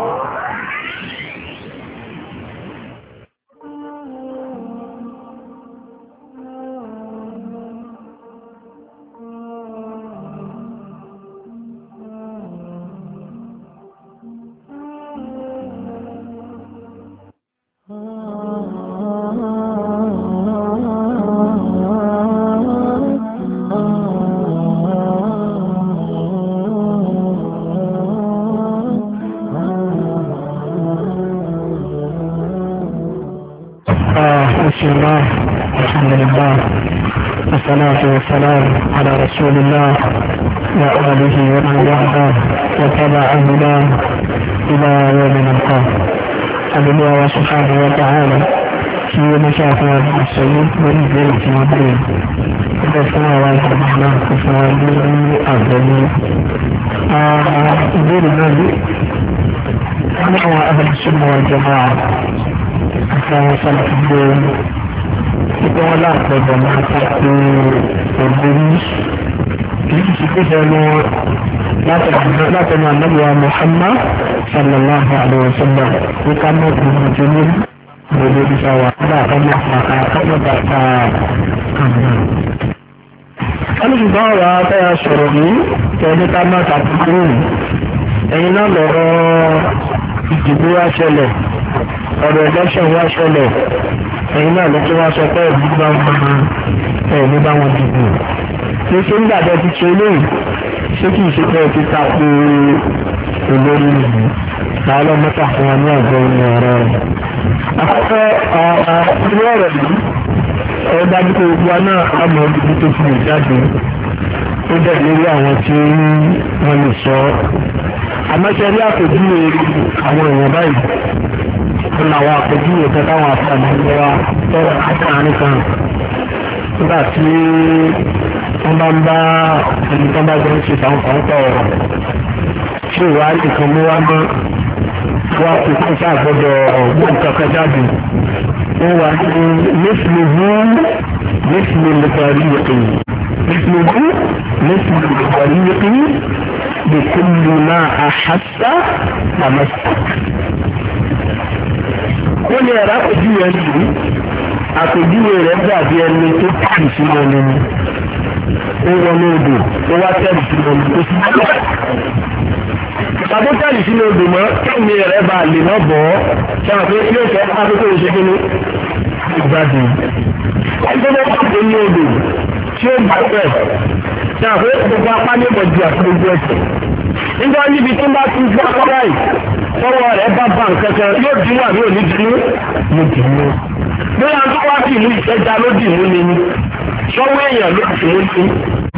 Oh. بسم آه، الله الحمد لله والصلاة والسلام على رسول الله وآله ومن وعده وتبع هداه إلى يوم نلقاه أن الله سبحانه وتعالى في مشافة السيد من في مدين بسم الله الرحمن الرحيم الرحيم الدين الذي آه، أنا أهل السنة والجماعة ìfowópamọ́ gbé ṣùgbọ́n wọn láàpẹ̀bọ̀ máa tako ògbóni kìí ti ṣe pẹ́ẹ́nu látẹnu ànábìwá Muhammad sallallahu alaihi wa sallam ní ká mọ̀ gbogbo tó ní gbogbo ìṣà wà nígbà ọmọ àkàkà ọmọ bàtà kàmá. alùpùpù àwọn afẹ́yà sọ̀rọ̀ yìí tẹ̀lé ká má tàbí lóhùn ẹ̀yin náà lọ́rọ̀ ìdìbò àṣẹlẹ̀ ọ̀rọ̀ election wá ṣẹlẹ̀ ẹ̀yin náà ló tún wá sọ pé ẹ̀mí bá wọn ẹ̀mí bá wọn dìbò ní ṣé nígbà tó ti ṣe eléyìí ṣé kì í ṣe pé ẹ ti ta pé olórí nìyí làá lọ mẹ́ta fún wa ní ọ̀gbẹ́ ní ọ̀rọ̀ rẹ̀. àkọ́kọ́ ọ̀rọ̀ ọ̀rọ̀ yìí ẹ dájú pé gbogbo wa náà á mọ ibi tó fi lè jáde ó dẹ̀ lórí àwọn tí wọ́n lè sọ ọ́ àmọ́ ṣe rí àpèjúwe àwọn èèyàn báyìí nínú àwọn àpèjúwe kan táwọn àfààní ń wá sọ̀rọ̀ àtàrin kan nígbà tí wọ́n bá ń bá ẹni tó bá jọ ń ṣe ìtàǹkàn pọ̀ ọ̀rọ̀ tí ìwà nìkan mú wá mọ́ wá kó kó sáà gbọ́dọ̀ ọ̀gbọ́n kankan jáde wọ́n wà ní mẹ́sìlélú mẹ́sìlélùkọ̀rí yẹ̀kìn mẹ́sìlélú mẹ́sìlélùkọ̀rí yẹ̀kìn bẹ̀kúndùnà àhásá àmásá ó ní ẹ̀rọ àpèjúwe ẹni yìí àpèjúwe rẹ̀ dàbí ẹni tó kù sínú ẹni ni ó wọlé odò ó wá tẹ̀lé sínú ẹni tó sínú ẹni. Tàbí tẹ̀lé sínú odò mọ́ kẹ́mi rẹ̀ bá lè mọ́ bọ̀ ọ́ sáà pé ilé ìfẹ́ afẹ́kọ̀ ìṣe kínní ìgbàdì. Ẹgbẹ́ bá kúrò ní odò tí ó bá fẹ́ sáà pé gbogbo apá ní ìbọ̀jú àti gbogbo ẹ̀sìn. Nígbà níbi tí wọ́n bá ti gbọ́ apá báyìí tọwọ́ rẹ̀ bá bá nǹkan kan yóò dínú àbí òní dínú mo dínú. bóyá tó wá sí ìlú ìṣẹ́jà ló dì mú ni sọ́wọ́ èèyàn ló dì mú ni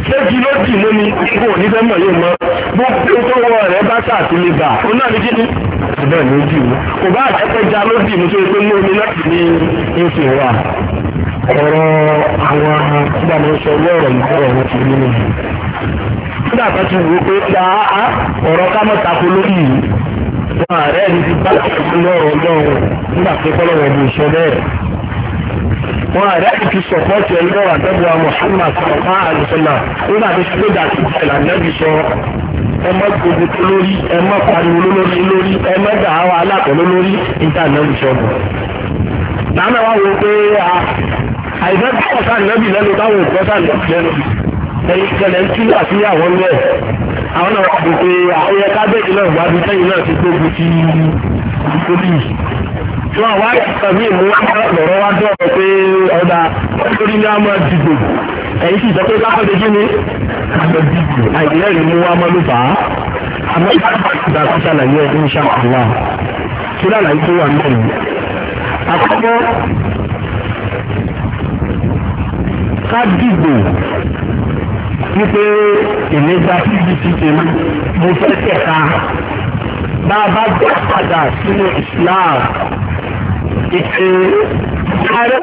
séjì ló dì mú ni ipò òní fẹ́ mọ̀ yóò mọ gbogbo tọwọ́ rẹ̀ bá sàtìlẹ̀ bà ó náà ní kí ni. bẹ́ẹ̀ ló dì mú kò bá àtẹ́kọ̀já ló dì mú tó pé mú omi láti ní ìsìn wa. ọ̀rọ̀ àwọn gbàmọ̀sọ̀ lọ́rọ̀ ìgbọ̀rọ̀ wọn ti rí nìyí. nígbà kan ti wò ó pé ọ̀rọ̀ ká mọ̀ ààrẹ ní ti bá lọ́rọ̀ lọ́rùn nígbà pé kọ́lọ́wọ́ ọmọ ìṣọ́ bẹ́ẹ̀. wọn ààrẹ ní ti sọ̀pọ́tì ẹlọ́wọ́ àtẹ́bùwà Muhammad sọ̀pá àdìsọ́là nígbà tó ti gbéga ti jẹ́ ìlànàbí sọ ẹ má gbogbo tó lórí ẹ má pariwo lórí lórí ẹ má dà á wa alákọ̀ọ́lọ́ lórí níta ìlànàbí sọ nàánà wá wo pé àìsàn kọ́sà ìlànàbí lẹ́nu táwọn òkú àwọn náà wọ́n pè àyẹ kábẹ́ẹ̀jì náà wà bíi sẹ́yìn náà ti gbógun ti ìkólì tí wọ́n wá ìkàbí ìmú lọ́rọ́ wá dọ̀rọ̀ pé ọ̀dà nítorí ní àmọ́ dìbò ẹ̀yìn sì sọ pé káfọ́dé kí ni àmọ́ dìbò àìdílẹ̀ rẹ̀ mú wá mọ́ ló fà á àmọ́ ìgbà tó ṣàlàyé ẹ̀ ní ṣàkóso kí lálàyé tó wà náà yìí àkọ́kọ́ ká dìbò wípé èmi gba pdp tèmi mo fẹ́ tẹ̀ka bá a bá gbà padà sínú Islam ìpè